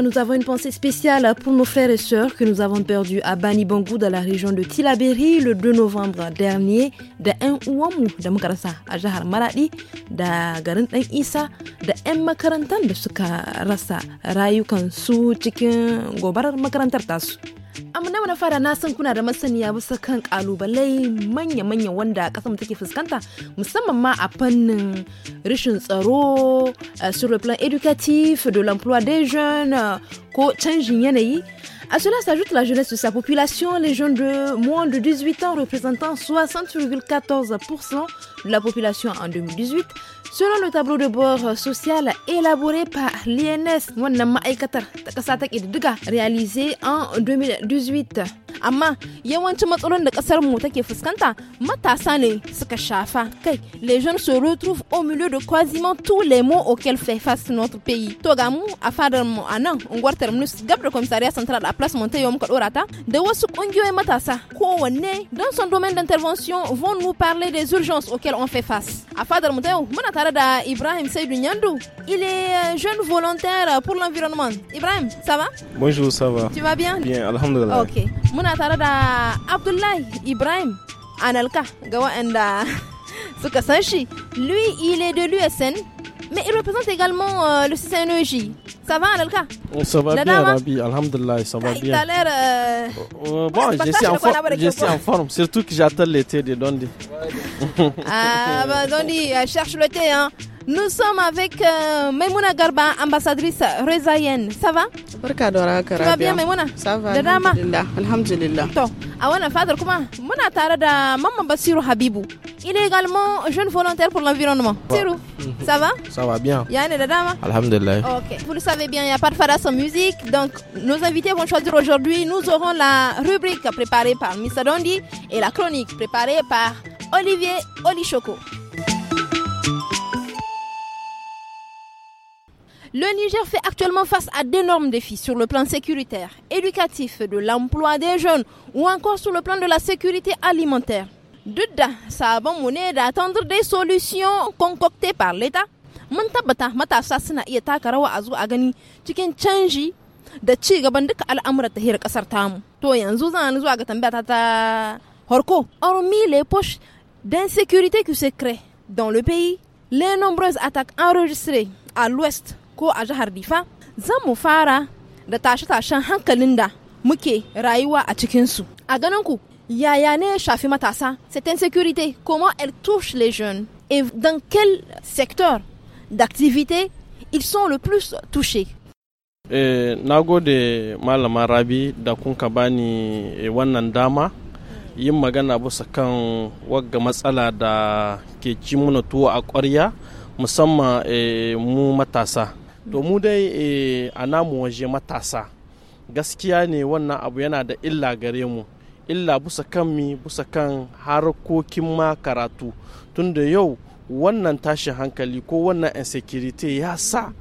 nous avons une pensée spéciale pour nos frères et sœurs que nous avons perdus à Bani Bangou dans la région de Tilaberi le 2 novembre dernier. de un uwamu de muka à Jahar Maradi da garin Dan Isa da 'yan makarantan da suka rasa rayukansu cikin gobarar makarantar tasu amma na fara na san kuna da masaniya bisa kan kalubalai manya-manya wanda kasar take fuskanta musamman ma a fannin rashin tsaro sur le plan éducatif de l'emploi des jeunes ko canjin yanayi À cela s'ajoute la jeunesse de sa population, les jeunes de moins de 18 ans représentant 60,14% de la population en 2018, Selon le tableau de bord social élaboré par l'INS, réalisé en 2018, amma yawancin matsalolin da kasar mu take fuskanta matasa ne suka shafa kai les jeunes se retrouvent au milieu de quasiment tous les mots auxquels fait face notre pays to ga mu a fadar mu a nan unguwar terminus gab da commissariat central a place monteyo muka dora ta da wasu kungiyoyin matasa kowanne dans son domaine d'intervention vont nous parler des urgences auxquelles on fait face a fadar mu ta muna tare da Ibrahim saidu nyandu il est euh, jeune volontaire pour l'environnement Ibrahim ça va bonjour ça va tu vas bien bien alhamdulillah ok muna muna tare da Abdullahi Ibrahim Analka ga waɗanda suka san shi. Lui, il est de l'USN, mais il représente également euh, le CNEJ. Ça va, Analka oh, Ça va bien, hein? Rabi, Alhamdulillah, ça va bien. Et l'air. Euh... Euh, euh bon, ah, je, suis en, forme, je suis en forme, surtout que j'attends l'été de Dondi. ah, bah Dondi, euh, cherche l'été, hein. Nous sommes avec euh, Garba, ambassadrice Rezaïenne. Ça va Ça va bien, Maimouna Ça va. Alhamdulillah. Alhamdulillah. Awana Fadr, comment Mouna Tarada, Maman Bassirou Habibou. Il est également jeune volontaire pour l'environnement. Sirou, mhm. ça va Ça va bien. Yann et Dadama Alhamdulillah. Ok. Vous le savez bien, il n'y a pas de fada sans musique. Donc, nos invités vont choisir aujourd'hui. Nous aurons la rubrique préparée par Missa Dondi et la chronique préparée par Olivier Olichoko. Le Niger fait actuellement face à d'énormes défis sur le plan sécuritaire, éducatif, de l'emploi des jeunes ou encore sur le plan de la sécurité alimentaire. là, ça a bon monnaie d'attendre des solutions concoctées par l'État. horko hormis les poches d'insécurité qui se créent dans le pays les nombreuses attaques enregistrées à l'ouest ko a jihar difa zan mu fara da tashe-tashen hankalin da muke rayuwa a cikinsu a ganinku ku yaya ne shafi matasa certain security comment elle touche les jeunes et dans quel secteur d'activité ils sont le plus touchés Eh, na gode malama rabi da kun ka bani eh, wannan dama yin magana bisa kan wagga matsala da ke ci tuwo a ƙwarya musamman eh, mu matasa to mu dai eh, a namu waje matasa gaskiya ne wannan abu yana da illa gare mu illa busa kan mi busa kan harkokin ma karatu tunda yau wannan tashin hankali ko wannan insecurity ya sa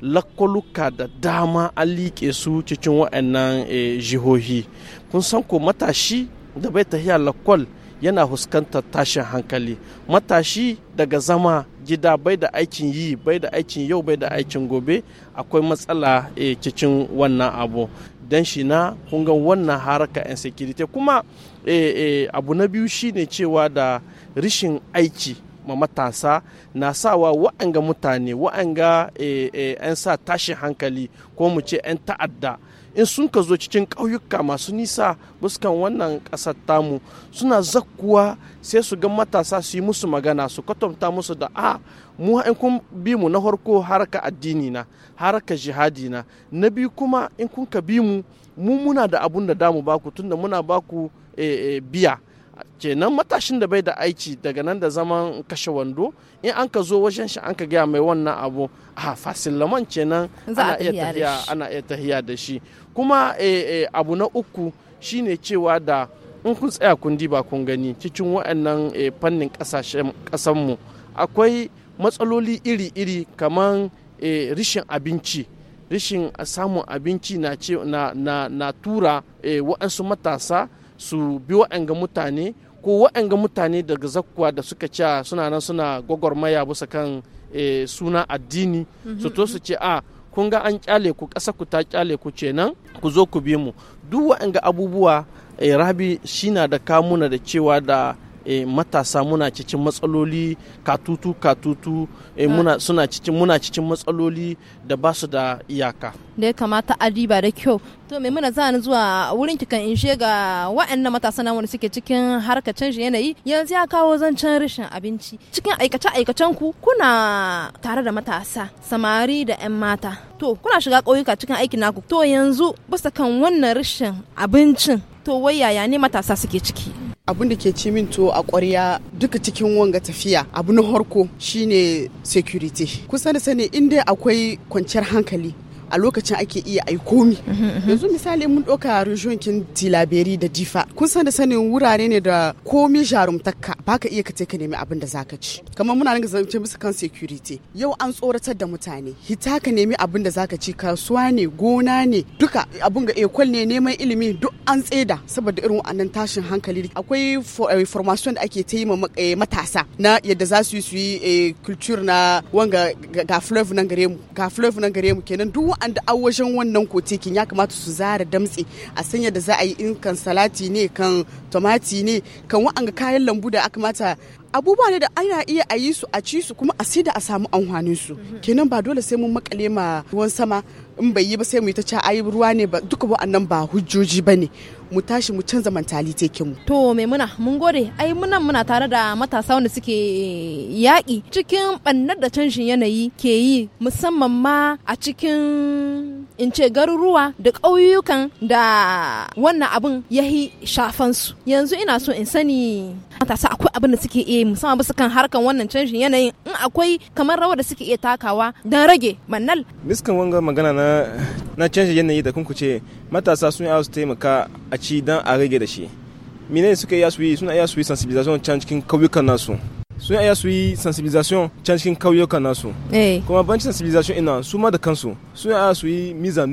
lakwaluka da dama an liƙe su cikin waɗannan eh, jihohi kun san ko matashi da bai tafiya lakwal yana fuskantar tashin hankali matashi daga zama gida bai da aikin yi bai da aikin yau bai da aikin gobe akwai matsala e, cikin wannan abu don shi na kungan wannan haraka yan security kuma e, abu na biyu shine cewa da rishin aiki ma matasa na sawa wa'anga mutane wa'anga 'yan eh, eh, sa tashin hankali ko mu ce 'yan ta'adda in sun ka zo cikin ƙauyuka masu nisa buskan wannan ƙasar tamu suna zakkuwa sai su ga matasa su yi musu magana su kwatanta musu da a mu in kun bi mu na farko haraka addini na haraka jihadi na na biyu kuma in kun ka bi mu mu muna da abun da damu baku tunda muna baku eh, biya kenan matashin da bai da aiki daga nan da zaman kashe wando in an ka zo wajen shi an ka gaya mai wannan abu a fasilaman kenan ana iya tahiya da shi kuma eh, eh, abu na uku shine cewa da in kun tsaya kun diba kun gani cikin waannan eh, fannin ƙasanmu akwai matsaloli iri-iri kamar rishin abinci rishin samun abinci na tura waɗansu matasa su bi waɗanga mutane ko waɗanga mutane daga zakkuwa da suka ci suna nan suna gwagwarmaya bisa kan e, suna addini mhm, su to mhm. su ce a kun ga an kyale ku ƙasa ku ta kyale ku ce nan ku zo ku bi mu duk waɗanga abubuwa e, rabi shina da kamuna da cewa da e, matasa muna cikin matsaloli katutu katutu e, muna suna cikin muna cikin matsaloli da basu da iyaka da ya kamata a riba da kyau to me muna zani zuwa wurin kikan in ga wa'annan matasa na wanda suke cikin harkar canjin yanayi yanzu ya kawo zancen rashin abinci cikin aikace aikacen ku kuna tare da matasa samari da 'yan mata to kuna shiga ƙauyuka cikin aikin naku to yanzu bisa kan wannan rashin abincin to wai yaya ne matasa suke ciki abin da ke ci min to a ƙwarya duka cikin wanga tafiya abu na harko shine security kusa da sani in dai akwai kwanciyar hankali a lokacin ake iya ai komi mhm, mhm, mhm. yanzu misali mun ɗauka kin tilaberi da difa kun san da sanin wurare ne da komi jarumtakka baka iya kace ka nemi abin da zaka ci kamar muna ga zance musu kan security yau an tsoratar da mutane hita ka nemi abin da zaka ci kasuwa ne gona ne duka abin ga ekol ne neman ilimi duk an tseda saboda irin wannan tashin hankali akwai eh, formation da ake ta yi eh, matasa na yadda za su yi su yi eh, culture na wanga ga flav nan gare mu ga nan gare mu kenan duk An da awashin wannan kotekin ya kamata su zara damtse a sanya da za a yi in kan salati ne kan tomati ne kan wa'anga kayan lambu da aka mata abubuwa ne da ana iya a yi su a ci su kuma a sai da a samu amfanin su mhm. kenan ba dole sai mun makale ma ruwan sama in bai yi ba sai mu yi ta ca ayi ruwa ne ba duka ba annan ba hujjoji ba ne mu tashi mu canza mentality mu. To muna mun gode ai munan muna tare da matasa wanda suke eh, yaƙi cikin bannar da canjin yanayi ke yi musamman ma a cikin in ce garuruwa da ƙauyukan da wannan abin yahi shafansu. Yanzu ina so in sani matasa akwai abin da suke iya musamman bisa kan harkan wannan canjin yanayin in akwai kamar rawar da suke iya takawa don rage mannal. Biskan wanga magana na na yanayi da kun ce matasa sun yi su taimaka a ci don a rage da shi. Mine suka iya su yi suna iya su yi sensibilization can cikin kauyukan nasu. Sun iya su yi sensibilization can cikin kauyukan nasu. Eh. Kuma banci sensibilization ina su ma da kansu sun iya su yi mise en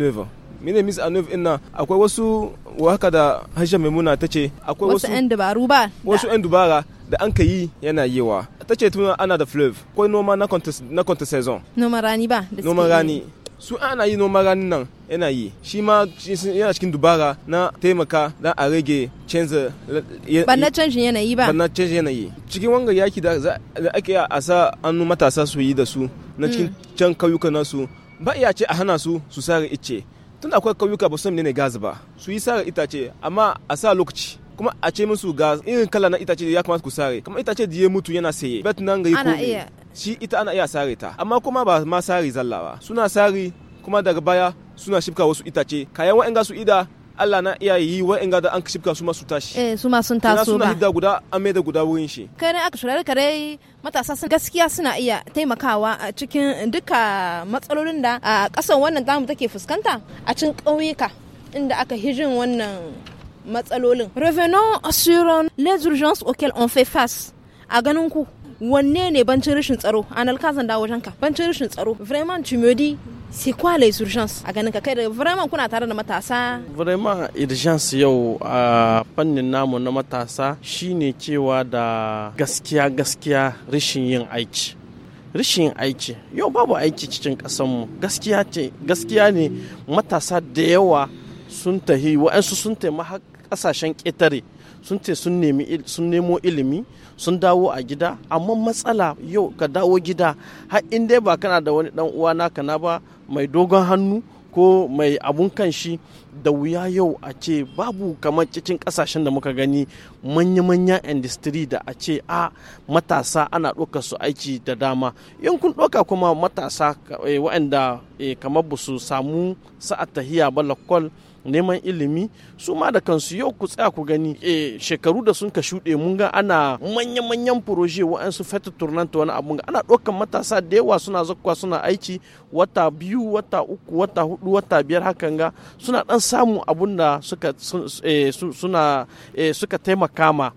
mine mis a inna akwai wasu haka da hajjar maimuna ta ce akwai wasu 'yan dabaru ba wasu 'yan dubara da an ka yi yana yiwa ta ce tuna ana da flav ko noma na kwanta saison noman rani ba noman rani su ana yi noman rani nan yana yi shi ma yana cikin dubara na taimaka da a rage canza ba na canjin yanayi ba ba na canjin yanayi cikin wanga yaki da ake a sa annu matasa su yi da su na cikin mm. can kauyuka nasu ba iya ce a hana su su sare ice tun akwai kauyuka ba su ne gas ba su yi sare itace amma a sa lokaci kuma a ce musu ga irin kala na itace ya kamata ku sare kuma itace da ya mutu yana saye bet nan ga yi shi ita ana iya sare ta amma kuma ba ma sare zalla ba suna sare kuma daga baya suna shifka wasu itace kayan wa'in su ida Allah na iya yi wa'inga da an kashifka su masu su tashi eh su masu sun taso ba suna hidda guda an mai da guda wurin shi kai aka shirar kare matasa sun gaskiya suna iya taimakawa a cikin duka matsalolin da a ƙasar wannan zamu take fuskanta a cikin ƙauyuka inda aka hijin wannan matsalolin revenant sur les urgences auxquelles on fait face a ganin ku wanne ne bancin rashin tsaro an alkazan dawo janka bancin rashin tsaro vraiment tu me dis quoi les urgences a ganin ka kai vraiment kuna tare da matasa vraiment urgence yau a fannin namu na matasa shine cewa da gaskiya gaskiya rashin yin aiki rashin aiki yau babu aiki cikin kasanmu gaskiya ce gaskiya ne matasa da yawa sun tahi wa'ansu sun taimaka ƙasashen ƙetare sun ce sun nemo ilimi sun dawo a gida amma matsala yau ka dawo gida har in dai ba kana da wani dan uwa naka na ba mai dogon hannu ko mai abun kanshi da wuya yau a ce babu kamar cikin kasashen da muka gani manya manya industry da a ce a matasa ana ɗaukar su aiki da dama in kun ɗauka kuma matasa eh, waɗanda eh, kamar ba su samu sa'ad tahiya ba lakwal neman ilimi su ma da kansu yau ku tsaya ku gani e shekaru da sun ka shuɗe mun ga ana manya-manyan furoje wa'ansu feta turnanta wani abun ga ana ɗaukan matasa da yawa suna zakkuwa suna aiki wata biyu wata uku wata hudu wata biyar hakan ga suna ɗan samun abun da suka eh, eh, suka taimaka ma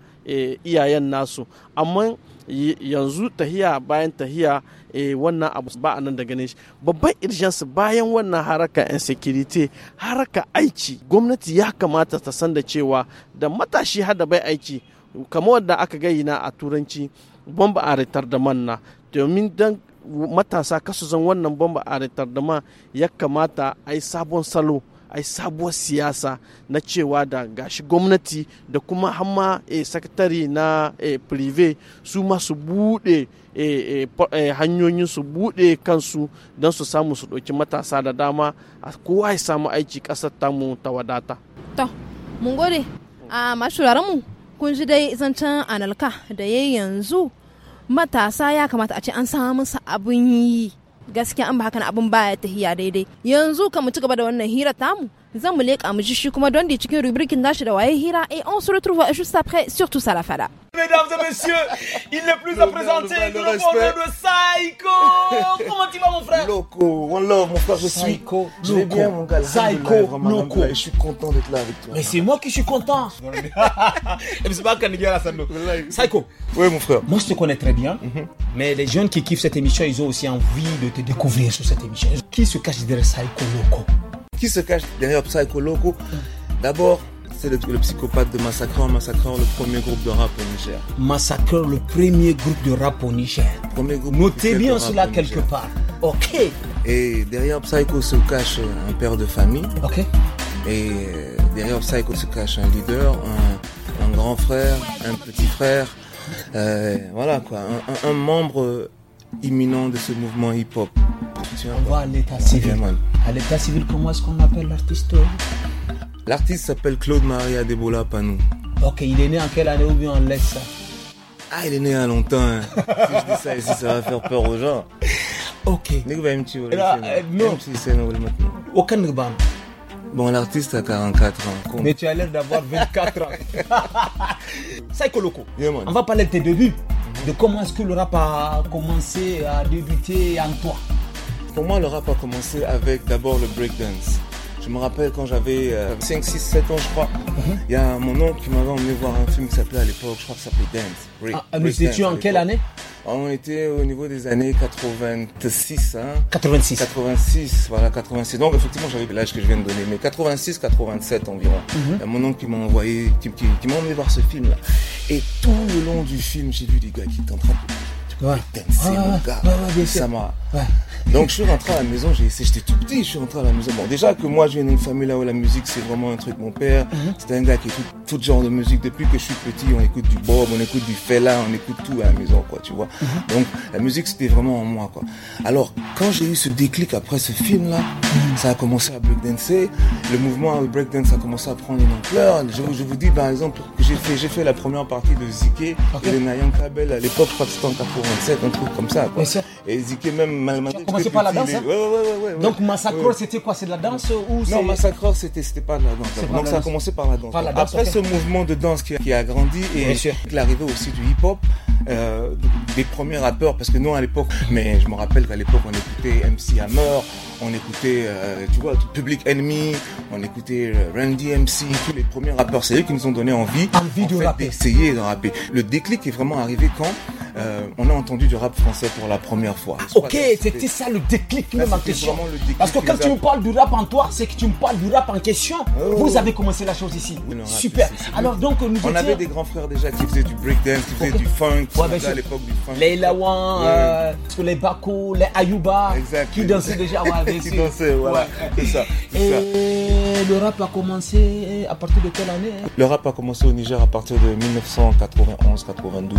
iyayen nasu amma yanzu tahiya bayan tahiya e, wannan abu ba a nan daga ganin shi babban irjansu bayan wannan haraka insecurity haraka aiki gwamnati ya kamata ta san da cewa da matashi hada bai aiki kamar wadda aka na a turanci bomba a retar da manna domin dan matasa kasu zan wannan bomba a retar da ma ya kamata a yi sabon salo a yi sabuwar siyasa na cewa da gashi gwamnati da kuma hamma e, eh, sakatari na e, prive su masu bude buɗe e, hanyoyin su buɗe kansu don su samu su ɗauki matasa da dama a kowa ya samu aiki ƙasar tamu ta wadata. To, mun gode a ah, masu mu kun ji dai zancen analka da ya yanzu matasa ya kamata a ce an samu abin yi. gaskiya an ba hakan abun baya tahiya daidai yanzu ka mu ci gaba da wannan hira tamu Nous shi kuma don et on se retrouve juste après sur tout ça la fada Mesdames et messieurs, il n'est plus à présenter le, le, de Psycho. Comment tu vas mon frère Loco, one love mon frère, je suis. bien mon gars. Psycho, Loco. Je suis content d'être là avec toi. Mais c'est moi qui suis content. Psycho. Oui mon frère. Moi je te connais très bien, mhm. mais les jeunes qui kiffent cette émission, ils ont aussi envie de te découvrir sur cette émission. Qui se cache derrière Psycho Loco qui se cache derrière Psycho Loco D'abord, c'est le, psychopathe de Massacreur, Massacreur, le premier groupe de rap au Niger. Massacreur, le premier groupe de rap au Niger. Premier groupe Notez bien cela quelque part. Ok. Et derrière Psycho se cache un père de famille. Ok. Et derrière Psycho se cache un leader, un, grand frère, un petit frère. Euh, voilà quoi, un, membre imminent de ce mouvement hip-hop. Tu vois, l'état civil à l'état civil, comment est-ce qu'on appelle l'artiste euh L'artiste s'appelle Claude Maria Debola Panou. Ok, il est né en quelle année ou bien on laisse ça Ah, il est né il y a longtemps. Hein. si je dis ça ici, ça va faire peur aux gens. Ok. Euh, non. Aucun Bon, l'artiste a 44 ans. Mais tu as l'air d'avoir 24 ans. Psycho Loco, on va parler de tes débuts, de comment est-ce que le rap a commencé à débuter en toi. Pour moi, le rap a commencé avec d'abord le breakdance. Je me rappelle quand j'avais 5, 6, 7 ans, je crois. Mhm. Il y a mon oncle qui m'avait emmené voir un film qui s'appelait à l'époque, je crois que ça s'appelait Dance. Break, ah, mais en quelle année On était au niveau des années 86. 86. 86, voilà, 86. Donc effectivement, j'avais l'âge que je viens de donner, mais 86, 87 environ. Mhm. Il y a mon oncle qui m'a envoyé, qui, m'a emmené voir ce film-là. Et tout le long du film, j'ai vu des gars qui étaient de donc je suis rentré à la maison, j'ai j'étais tout petit, je suis rentré à la maison. Bon, déjà que moi, je viens d'une famille là où la musique, c'est vraiment un truc. Mon père, mhm. C'était c'est un gars qui écoute tout genre de musique. Depuis que je suis petit, on écoute du Bob, on écoute du Fela, on écoute tout à la maison, quoi, tu vois. Mhm. Donc la musique, c'était vraiment en moi, quoi. Alors, quand j'ai eu ce déclic après ce film-là, ça a commencé à breakdancer, le mouvement breakdance a commencé à prendre une ampleur. Je, vous dis par exemple que j'ai fait, j'ai fait la première partie de Ziké et de Nayan Kabel à l'époque, je crois que c'était en un truc comme ça. Et Ziké même malgré a commencé par la danse hein ouais, ouais, Donc Massacre c'était quoi C'est de la danse euh, ou Non, Massacre c'était, c'était pas de la danse. Donc ça a commencé par la danse. Après ce mouvement de danse qui, a grandi et avec l'arrivée aussi du hip-hop, euh, des premiers rappeurs, parce que nous à l'époque, mais je me rappelle qu'à l'époque on écoutait MC Hammer, on écoutait, euh, tu vois, Public Enemy, on écoutait euh, Randy MC, tous les premiers rappeurs, c'est eux qui nous ont donné envie, envie de d'essayer de rapper. Le déclic est vraiment arrivé quand euh, on a entendu du rap français pour la première fois. ok, c'était ça le déclic même en question. Parce que quand tu me parles du rap en toi, c'est que tu me parles du rap en question. Oh. Vous avez commencé la chose ici. Super. Alors donc nous On avait des grands frères déjà qui faisaient du breakdance, qui faisaient du funk, à l'époque du funk. Les Lawan, les Bakou les Ayuba, qui dansaient déjà voilà. C'est ça. C'est ça le rap a commencé eh, à partir de quelle année eh? Le rap a commencé au Niger à partir de 1991-92.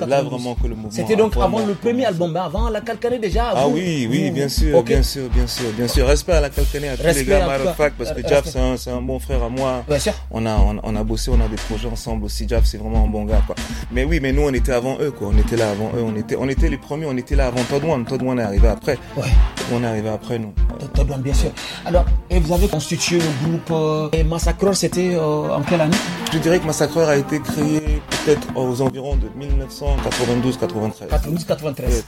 91-92. vraiment que le mouvement. C'était donc avant le premier album, avant la Calcanée déjà. Ah oui, oui, bien sûr, bien sûr, bien sûr, bien sûr. Respect à la Calcanée, à tous les gars parce que euh, Jaf c'est un, bon frère à moi. Bien sûr. On a, on, a bossé, on a des projets ensemble aussi. Jaf c'est vraiment un bon gars quoi. Mais oui, mais nous on était avant eux quoi. On était là avant eux. On était, on était les premiers. On était là avant Todd One. Todd One est arrivé après. Ouais. On est arrivé après nous. Todd One bien sûr. Alors et vous avez constitué groupe Et Massacreur, c'était euh, en quelle année Je dirais que Massacreur a été créé peut-être aux environs de 1992-93. 92-93.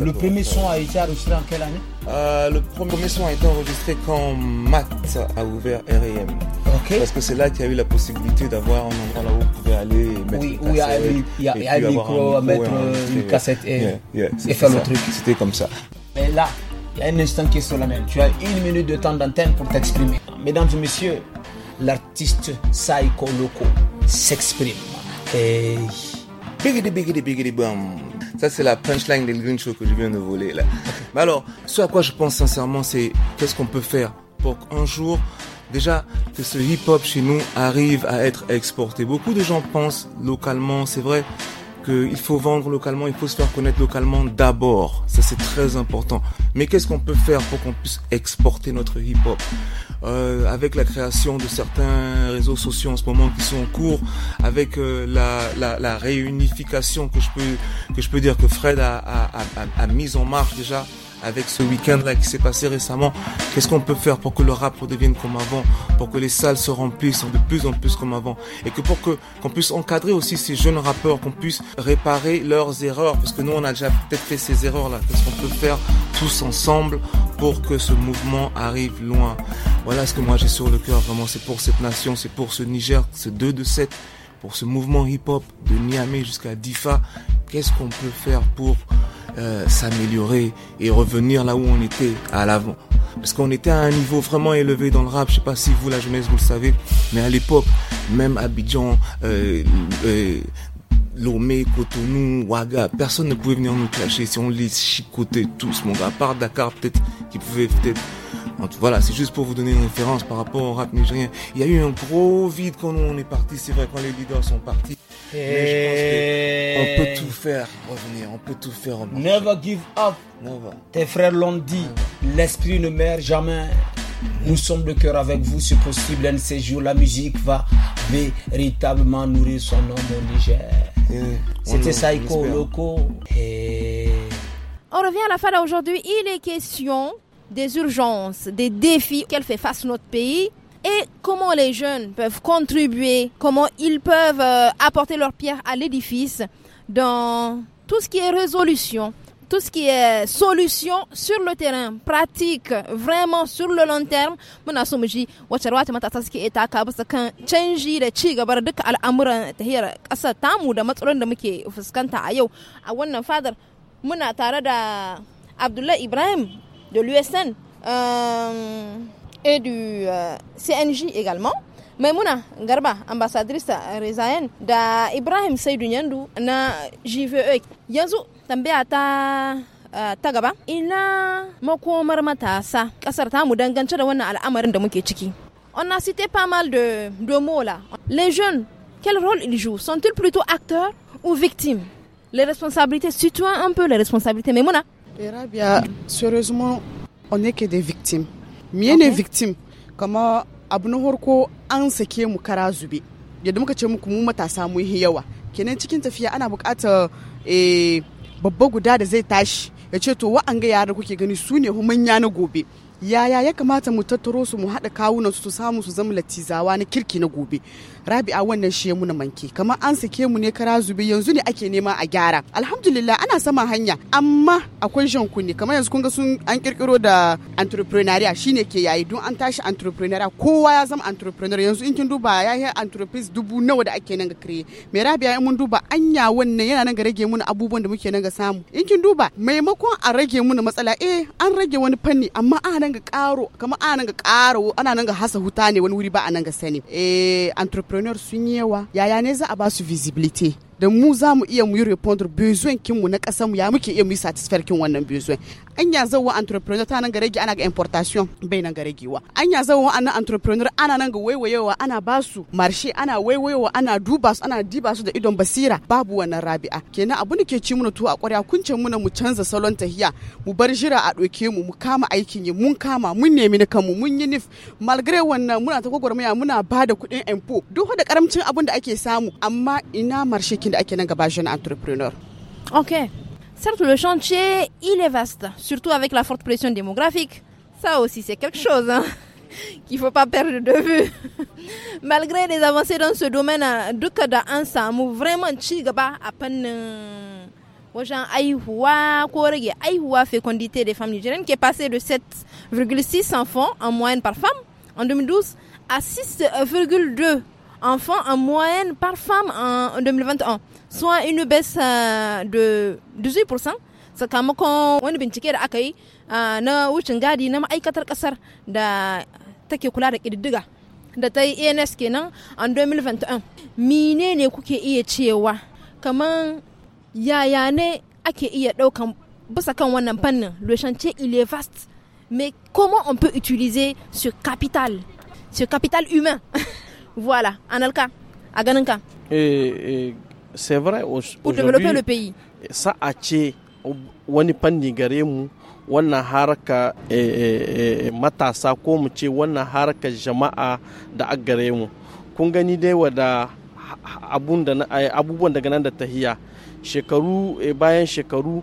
Le premier son a été enregistré en quelle année euh, Le premier son a été enregistré quand Matt a ouvert R&M. E Parce que c'est là qu'il y a eu la possibilité d'avoir un endroit là où vous pouvait aller mettre le cassette. Oui, il y a, un micro, mettre et euh, une cassette et, faire le truc. C'était comme ça. Mais là, il y a un instant qui est solennel. Tu as une minute de temps d'antenne pour t'exprimer mesdames et messieurs, l'artiste Saiko Loco s'exprime. Hey. bam. Ça, c'est la punchline des Green Show que je viens de voler, là. Mais alors, ce à quoi je pense sincèrement, c'est qu'est-ce qu'on peut faire pour qu'un jour, déjà, que ce hip-hop chez nous arrive à être exporté. Beaucoup de gens pensent localement, c'est vrai, qu'il faut vendre localement, il faut se faire connaître localement d'abord. Ça, c'est très important. Mais qu'est-ce qu'on peut faire pour qu'on puisse exporter notre hip-hop euh, avec la création de certains réseaux sociaux en ce moment qui sont en cours, avec euh, la, la, réunification que je peux que je peux dire que Fred a, a, a mise en marche déjà avec ce week-end-là qui s'est passé récemment. Qu'est-ce qu'on peut faire pour que le rap redevienne comme avant, pour que les salles se remplissent de plus en plus comme avant, et que pour que qu'on puisse encadrer aussi ces jeunes rappeurs, qu'on puisse réparer leurs erreurs, parce que nous on a déjà peut-être fait ces erreurs-là. Qu'est-ce qu'on peut faire tous ensemble pour que ce mouvement arrive loin Voilà ce que moi j'ai sur le cœur. Vraiment, c'est pour cette nation, c'est pour ce Niger, ce 2 de 7 pour ce mouvement hip-hop de Niamey jusqu'à Difa, qu'est-ce qu'on peut faire pour euh, s'améliorer et revenir là où on était à l'avant. Parce qu'on était à un niveau vraiment élevé dans le rap. Je sais pas si vous, la jeunesse, vous le savez, mais à l'époque, même Abidjan, euh, euh, Lomé, Cotonou, Ouaga, personne ne pouvait venir nous clasher si on les chicotait tous, mon gars. À part Dakar, peut-être, qui pouvait peut-être voilà, c'est juste pour vous donner une référence par rapport au rap nigérien. Il y a eu un gros vide quand on est parti, c'est vrai, quand les leaders sont partis. On Mais je pense qu'on peut eh. tout faire revenir, on peut tout faire Never give up. Tes frères l'ont dit, l'esprit ne meurt jamais. Nous sommes de cœur avec vous, c'est possible, un de ces jours, la musique va véritablement nourrir son nom au Niger. Eh, C'était Saiko Loco. Eh. On revient à la fin d'aujourd'hui. Il est question des urgences, des défis qu'elle fait face à notre pays et comment les jeunes peuvent contribuer, comment ils peuvent euh, apporter leur pierre à l'édifice dans tout ce qui est résolution, tout ce qui est solution sur le terrain, pratique, vraiment sur le long terme. Muna Ibrahim de l'USN euh, et du euh, CNJ également. Maimouna Garba, ambassadrice Rezaen, da Ibrahim Seydou Nyandu na JVE. Yanzu tambaya ta Uh, ta gaba ina makomar sa, kasar tamu dangance da wannan al'amarin da muke ciki on a cité pas mal de, de mots là les jeunes quel rôle ils jouent sont-ils plutôt acteurs ou victimes les responsabilités situant un peu les responsabilités mais mona Rabia, sérieusement, on est que des victimes. Miye ah ne victim, kama abu na harko an sake mu kara zube. Yadda muka ce muku mu matasa mu yawa. Kenan cikin tafiya ana bukatar eh, babba guda da zai tashi ya ce to wa'anga yara kuke gani su ne manya na gobe. yaya ya kamata mu tattaro su mu haɗa kawunan su samu su zama latizawa na kirki na gobe rabi'a wannan shi muna manke kamar an sake mu ne kara zube yanzu ne ake nema a gyara alhamdulillah ana sama hanya amma akwai jan kunne kamar yanzu kun ga sun an kirkiro da entrepreneuria shine ke yayi don an tashi entrepreneuria kowa ya zama entrepreneur yanzu in kin duba ya yi entreprise dubu nawa da ake nan ga kire mai rabi'a in mun duba anya wannan yana nan ga rage muna abubuwan da muke nan ga samu in kin duba maimakon a rage muna matsala eh an rage wani fanni amma a nan ga karo kamar ana nan ga karo ana nan ga hasa huta ne wani wuri ba a nan ga sani eh entrepreneur sun yi yawa yaya ne za a ba su visibility da mu za mu iya mu yi repondre besoin kinmu na ƙasar mu ya muke iya mu yi satisfaire kin wannan besoin anya zan wa entrepreneur ta nan ga rage ana ga importation bai nan ga an anya zan wa annan entrepreneur ana nan ga waiwayewa ana basu marshe ana waiwayewa ana duba su ana diba su da idon basira babu wannan rabi'a kenan abu ne ke ci muna tuwo a ƙwarya kunce muna mu canza salon tahiya mu bar jira a doke mu mu kama aikin yi mun kama mun nemi na kanmu mun yi nif malgare wannan muna ta gwagwarmaya muna bada da kuɗin empo duk da karamcin abin da ake samu amma ina marshe jeune entrepreneur. Ok. Certes, le chantier, il est vaste, surtout avec la forte pression démographique. Ça aussi, c'est quelque chose hein, qu'il ne faut pas perdre de vue. Malgré les avancées dans ce domaine, euh, duka da d'un vraiment Chigaba, à a fannin wajen fécondité des femmes nigériennes qui est passée de 7,6 enfants en moyenne par femme en 2012 à 6,2 enfants en moyenne par femme en 2021, soit une baisse euh, de 18%. sakamakon wani bincike da aka yi na wucin gadi na ma'aikatar kasar da take kula da ƙididdiga da ta yi ans e kenan a 2021 mine ne kuke iya cewa kamar yaya ne ake iya ɗaukan bisa kan wannan fannin le chantier il est vaste mais comment on peut utiliser ce capital ce capital humain Voilà, Analka, à Gananka. Et, et c'est vrai. Pour développer le pays. Ça a été wani fanni gare mu wannan haraka e, e, e, matasa ko mu ce wannan haraka jama'a da a gare mu kun gani dai wada abubuwan daga nan da tahiya shekaru bayan shekaru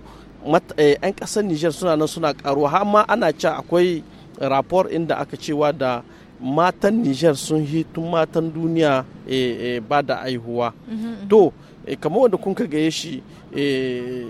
'yan ƙasar niger suna nan suna karuwa har ma ana ce akwai rapor inda aka cewa da matan Nijar sun yi tun matan duniya eh, eh, ba da aihuwa. Mm-hmm. To, eh, kamar wanda kun gaye shi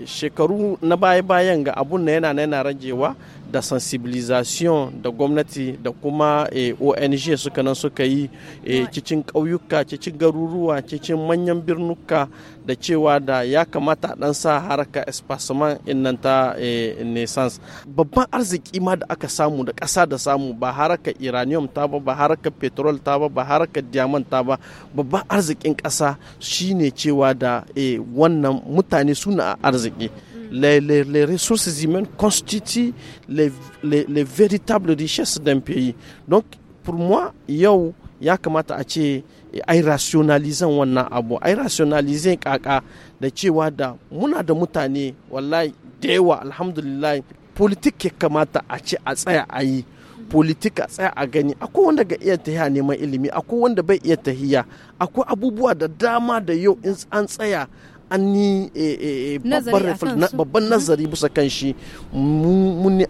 shekaru na baya-bayan ga abun na yana na yana ragewa da sensibilisation da gwamnati da kuma eh, ong suka nan suka yi eh, cikin ƙauyuka cikin garuruwa cikin manyan birnuka da cewa da ya kamata dan sa haraka espasman innan ta eh, naissance babban arziki ma da aka samu da ƙasa da samu ba haraka uranium ta ba ba haraka petrol ta ba ba haraka diamond ta ba babban arzikin ƙasa shine cewa da wannan mutane suna arziki les, les, les, ressources humaines constituent les, les véritables richesses d'un pays. Donc, pour moi, yau ya kamata a ce ai rationalizan wannan abu, ai rationalizan kaka da cewa da muna da mutane wallahi da yawa alhamdulillah politik ya kamata a ce a tsaya a yi. politika tsaya a gani akwai wanda ga iya tahiya neman ilimi akwai wanda bai iya tahiya akwai abubuwa da dama da yau in an tsaya an ni e, e, e, babban mhm. nazari bisa kan shi mun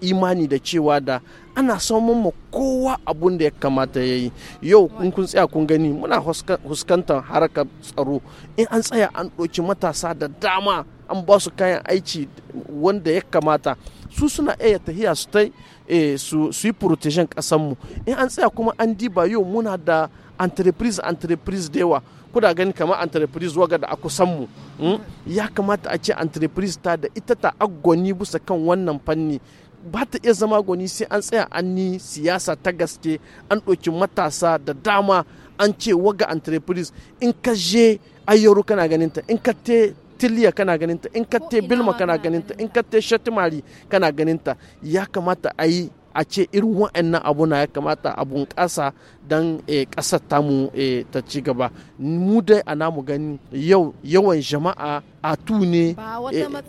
imani da cewa da ana samun mu kowa abun da ya kamata ya yi yau in kun tsaya kun gani muna huskantar harkar tsaro in an tsaya an ɗauki matasa da dama an ba su kayan aiki wanda ya kamata su suna iya tahiya su ta su yi protection ƙasanmu in an tsaya kuma an diba yau muna da entreprise entreprise da yawa kuna gani kamar entreprise waga da aku mu hmm? ya kamata a ce entreprise ta da ita ta agoni bisa kan wannan fanni ba ta iya zama goni sai an tsaya an ni siyasa ta gaske an ɗauki matasa da dama an ce waga entreprise in ka je ayyaru kana ganinta in ka te tiliya kana ganinta in ka te bilma kana ganinta in ka te shatimari kana ganinta ya kamata a yi a ce irin wa'annan abu na ya kamata a ƙasa don eh, ƙasar tamu eh, ta ci gaba mu dai a namu gani yau yawan jama'a a tune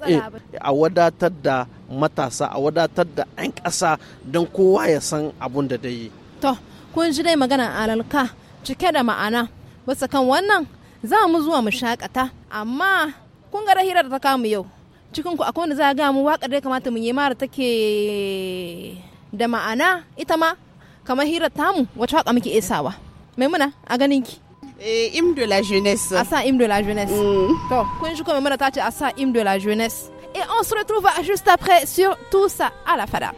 eh, a wadatar da matasa a wadatar da 'yan ƙasa don kowa ya san abun da dai to kun ji dai magana alalka cike da ma'ana bisa kan wannan za mu zuwa mu shakata amma kun ga hirar da ta kamu yau ku akwai wanda za a gamu waƙar da ya kamata mu yi mara take da ma'ana ita ma kamar hirar tamu wata waka muke esawa muna a ganin ki eh im de la jeunesse a sa im de la jeunesse mm. to kun shi kuma maimuna ta ce a sa im de la jeunesse et on se retrouve juste après sur tout ça à la fada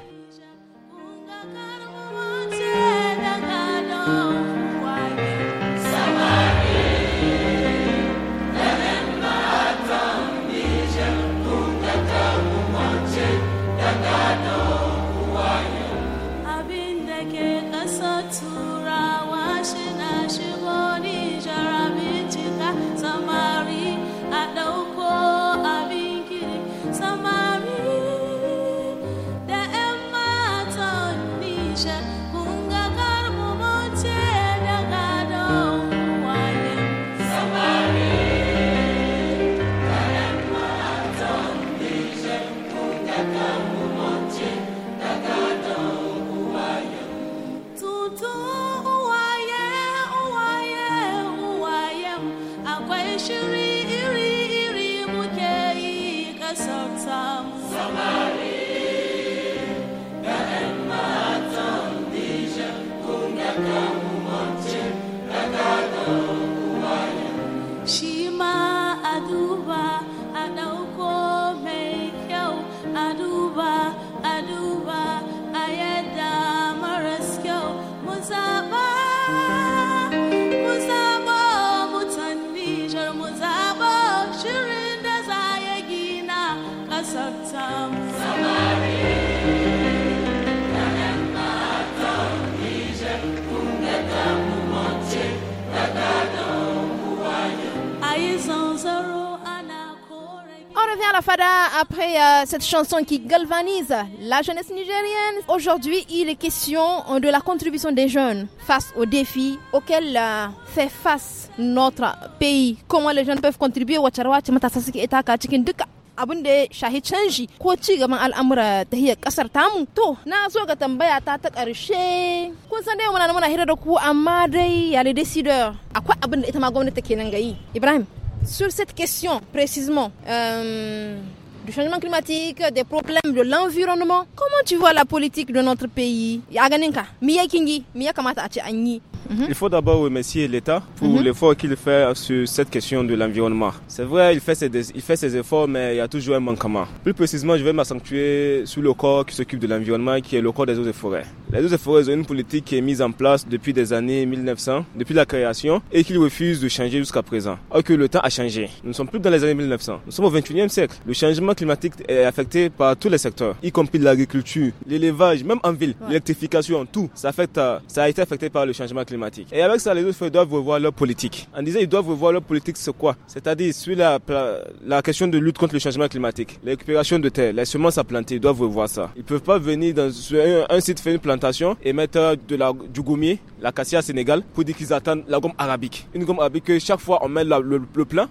Thank you. la après euh, cette chanson qui galvanise la jeunesse nigérienne, aujourd'hui il est question de la contribution des jeunes face aux défis auxquels euh, fait face notre pays. Comment les jeunes peuvent contribuer abin da ya shahi canji ko ci gaban al'amura ta hiyar kasar tamu to na zo ga tambaya ta ta karshe kun san dai muna muna hira da ku amma dai ya le décideur akwai abin da ita ma gwamnati kenan ga yi ibrahim sur cette question précisément euh, du changement climatique, des problèmes de l'environnement, comment tu vois la politique de notre pays il faut d'abord remercier l'État pour mhm. l'effort qu'il fait sur cette question de l'environnement. C'est vrai, il fait, ses, il fait ses efforts, mais il y a toujours un manquement. Plus précisément, je vais m'accentuer sur le corps qui s'occupe de l'environnement, qui est le corps des eaux et forêts. Les eaux et forêts ont une politique qui est mise en place depuis des années 1900, depuis la création, et qui refuse de changer jusqu'à présent. Or que le temps a changé. Nous ne sommes plus dans les années 1900. Nous sommes au 21e siècle. Le changement climatique est affecté par tous les secteurs, y compris l'agriculture, l'élevage, même en ville, l'électrification, tout. Ça, affecte, euh, ça a été affecté par le changement climatique. Et avec ça, les autres doivent revoir leur politique. En disant ils doivent revoir leur politique, c'est quoi C'est-à-dire sur la, la question de lutte contre le changement climatique, la de terre, les semences à planter, ils doivent revoir ça. Ils peuvent pas venir dans un, site faire une plantation et mettre euh, de la, du gommier, la cassia Sénégal, pour dire qu'ils attendent la gomme arabique. Une gomme arabique que chaque fois on met le, le,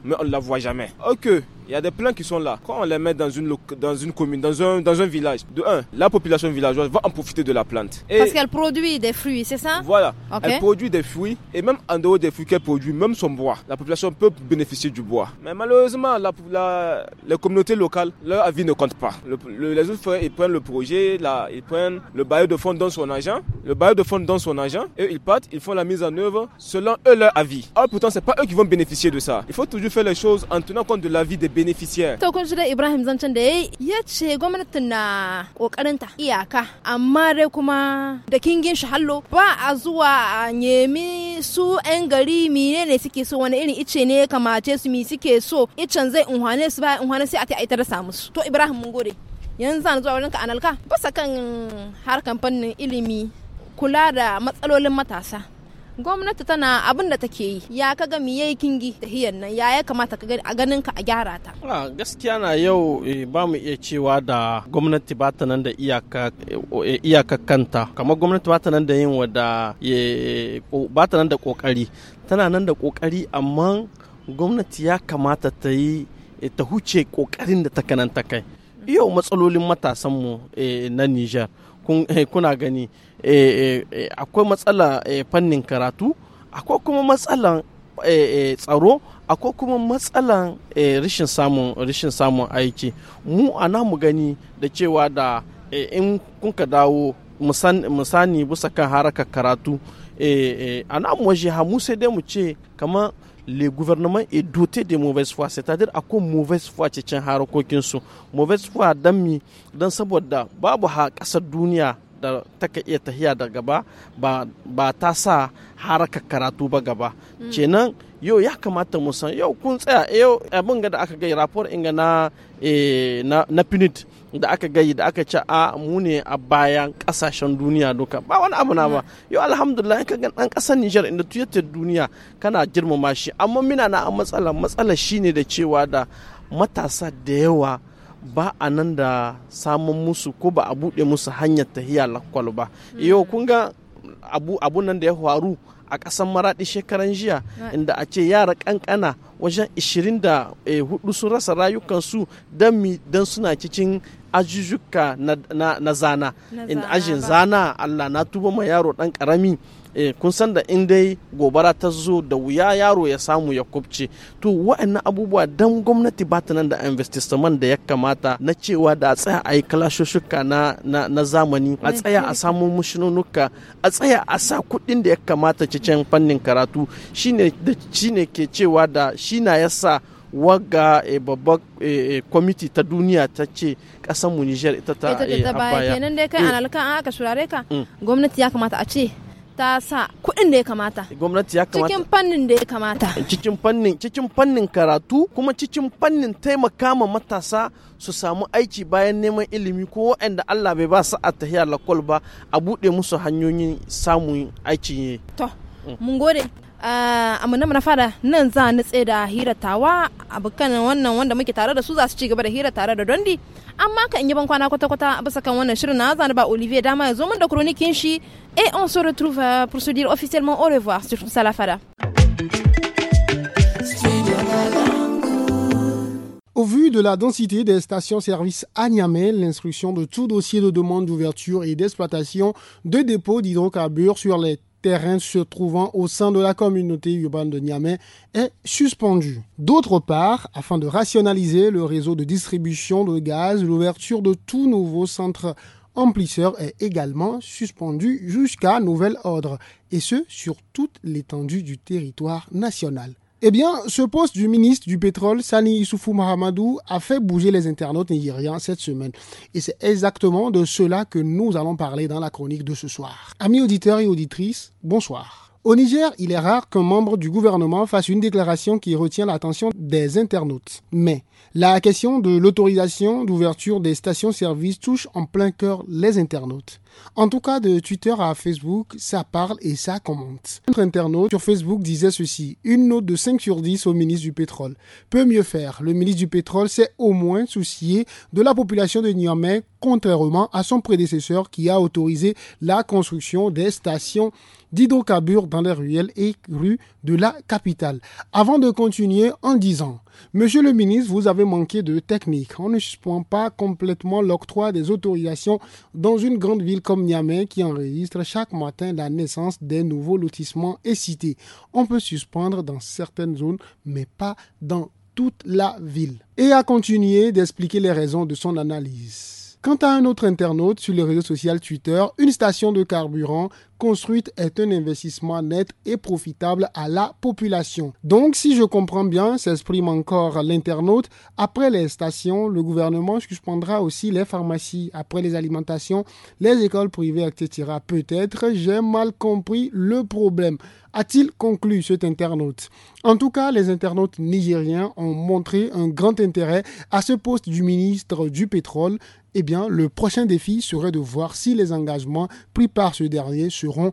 mais on ne la voit jamais. Ok, il y a des plans qui sont là. Quand on les met dans une, dans une commune, dans un, dans un village, de un, la population villageoise va en profiter de la plante. Parce qu'elle produit des fruits, c'est ça Voilà. Elle produit des fruits et même en dehors des fruits qu'elle produit, même son bois, la population peut bénéficier du bois. Mais malheureusement, la, la, les communautés locales, leur avis ne compte pas. les autres frères, ils prennent le projet, ils prennent le bailleur de fonds dans son agent, le bailleur de fonds dans son agent, et ils partent, ils font la mise en œuvre selon eux leur avis. Or ah, pourtant, c'est pas eux qui vont bénéficier de ça. Il faut toujours faire les choses en tenant compte de l'avis des beneficiaire to kun shiga Ibrahim zancen da yayi ya ce gwamnatin na ta iyaka amma dai kuma da kingin shi hallo ba a zuwa a nemi su 'yan gari ne suke so wani irin ice ne kamace su mi suke so icen zai unhane su ba unhane sai a ta aitar samu su to Ibrahim mun gode yanzu zuwa zuwa ka analka basa kan harkan fannin ilimi kula da matsalolin matasa gwamnati tana abin da take yi ya ka ga miye kingi tahiyar nan ya ya kamata ka a ganin ka a gyara ta gaskiya na yau eh, ba mu iya cewa da gwamnati ba ta nan da iyaka eh, eh, kanta kamar gwamnati ba ta nan da yin wada ba ta nan da kokari tana nan da kokari amma gwamnati ya kamata ta yi ta huce kokarin da ta kanan ta kai yau matsalolin matasanmu na Nijar Eh, kuna gani eh, eh, akwai matsala fannin karatu akwai kuma matsalan tsaro akwai kuma matsalan rashin samun rashin samun aiki mu ana mu gani da cewa da in kunka dawo musani bisa kan harakar karatu a mu waje ha mu sai dai mu ce kamar le gouvernement est doté de mauvaise foi c'est-à-dire quoi mauvaise foi cikin harkokin su mauvaise foi dan dan saboda babu ha kasar duniya da ta ka iya tahiya da gaba ba ta sa haraka karatu ba gaba mm. kenan yau ya kamata mu san yau kun tsaya yau abin ga da aka gai rapport inga eh, na na punit da aka gayi da aka ce a mu ne a bayan kasashen duniya duka ba wani abu na ba hmm. yau alhamdulillah ka ga dan kasar Niger inda tuyatar duniya kana girmama shi amma mina na a matsala matsala shine da cewa da matasa da yawa ba a nan da samun musu ko ba a bude musu hanyar tahiya lakwal ba hmm. yau kun ga abu nan da ya faru a ƙasar maraɗi shekaran jiya inda a ce yara ƙanƙana wajen 24 sun rasa rayukansu don suna cikin ajujuka na, zana in ajin zana allah na tuba ma yaro ɗan ƙarami Eh, kun san da in dai gobara ta zo da wuya yaro ya samu ya kubce to wa'annan abubuwa dan gwamnati ba ta nan da investment da ya kamata na cewa da a tsaya a yi kalashushuka na, na, zamani a tsaya a samu mushinonuka a tsaya a sa kuɗin da ya kamata cikin fannin karatu shine ne ke cewa da shi na yasa sa e, babbar e, kwamiti ta duniya ta ce kasanmu niger ita ta a baya. Kenan dai kai analkan an aka surare ka mm. gwamnati ya kamata a ce ta sa kuɗin da ya kamata gwamnati ya kamata cikin fannin da ya kamata cikin fannin cikin fannin karatu kuma cikin fannin taimaka ma matasa su samu aiki bayan neman ilimi ko waɗanda Allah bai ba su a tahiyar lakol ba a buɗe musu hanyoyin samun aiki ne to mun gode Uh, amma na fara nan za ni tsaye da hira tawa abokan wannan wanda muke tare da su za su ci gaba da hira tare da dondi amma ka in yi ban kwana kwata kwata bisa kan wannan shirin na zani ba olivier dama ya zo min da kronikin shi et on se retrouve euh, pour se dire officiellement au revoir sur salafada Au vu de la densité des stations-service à Niamey, l'instruction de tout dossier de demande d'ouverture et d'exploitation de dépôts d'hydrocarbures sur les terrain se trouvant au sein de la communauté urbaine de Niamey est suspendu. D'autre part, afin de rationaliser le réseau de distribution de gaz, l'ouverture de tout nouveau centre amplisseur est également suspendue jusqu'à nouvel ordre, et ce sur toute l'étendue du territoire national. Eh bien, ce poste du ministre du Pétrole, Sani Issoufou Mahamadou, a fait bouger les internautes nigériens cette semaine. Et c'est exactement de cela que nous allons parler dans la chronique de ce soir. Amis auditeurs et auditrices, bonsoir. Au Niger, il est rare qu'un membre du gouvernement fasse une déclaration qui retient l'attention des internautes. Mais la question de l'autorisation d'ouverture des stations-service touche en plein cœur les internautes. En tout cas, de Twitter à Facebook, ça parle et ça commente. Un internaute sur Facebook disait ceci Une note de 5 sur 10 au ministre du Pétrole. Peut mieux faire. Le ministre du Pétrole s'est au moins soucié de la population de Niamey, contrairement à son prédécesseur qui a autorisé la construction des stations d'hydrocarbures dans les ruelles et rues de la capitale. Avant de continuer en disant, Monsieur le ministre, vous avez manqué de technique. On ne suspend pas complètement l'octroi des autorisations dans une grande ville comme Niamey qui enregistre chaque matin la naissance des nouveaux lotissements et cités. On peut suspendre dans certaines zones, mais pas dans toute la ville. Et à continuer d'expliquer les raisons de son analyse. Quant à un autre internaute sur le réseau social Twitter, une station de carburant construite est un investissement net et profitable à la population. Donc, si je comprends bien, s'exprime encore l'internaute, après les stations, le gouvernement suspendra aussi les pharmacies, après les alimentations, les écoles privées, etc. Peut-être j'ai mal compris le problème a-t-il conclu cet internaute. En tout cas, les internautes nigériens ont montré un grand intérêt à ce poste du ministre du pétrole. Eh bien, le prochain défi serait de voir si les engagements pris par ce dernier se seront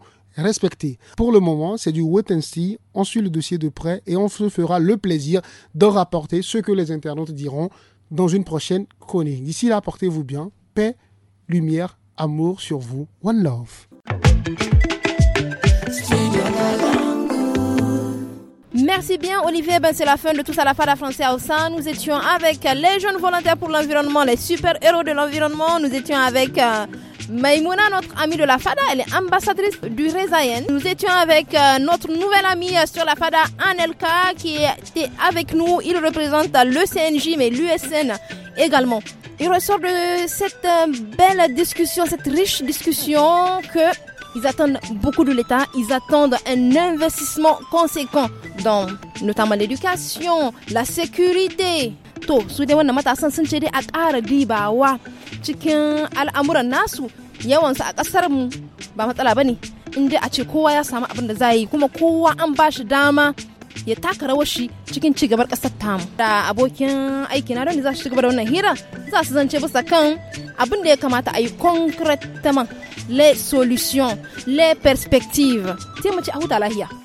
Pour le moment, c'est du wait and see. On suit le dossier de près et on se fera le plaisir de rapporter ce que les internautes diront dans une prochaine chronique. D'ici là, portez-vous bien. Paix, lumière, amour sur vous. One love. Merci bien, Olivier. Ben, c'est la fin de tout à la fin de la Français au sein. Nous étions avec les jeunes volontaires pour l'environnement, les super-héros de l'environnement. Nous étions avec. Euh, Maïmouna, notre amie de la FADA, elle est ambassadrice du Rezaïen. Nous étions avec euh, notre nouvelle amie euh, sur la FADA, Anelka, qui était avec nous. Il représente euh, le CNJ, mais l'USN également. Il ressort de cette belle discussion, cette riche discussion que ils attendent beaucoup de l'État, ils attendent un investissement conséquent dans notamment l'éducation, la sécurité, to su dai wannan matasan sun ce dai a ƙara dibawa cikin al'amuran nasu yawansu a ƙasar mu ba matsala ba ne in dai a ce kowa ya samu abin da za yi kuma kowa an ba shi dama ya taka rawar shi cikin cigabar gabar ƙasar tamu da abokin aiki na don za su ci gaba da wannan hira za su zance bisa kan abin da ya kamata a yi concretement les solutions les perspectives sai mu ci a huta lahiya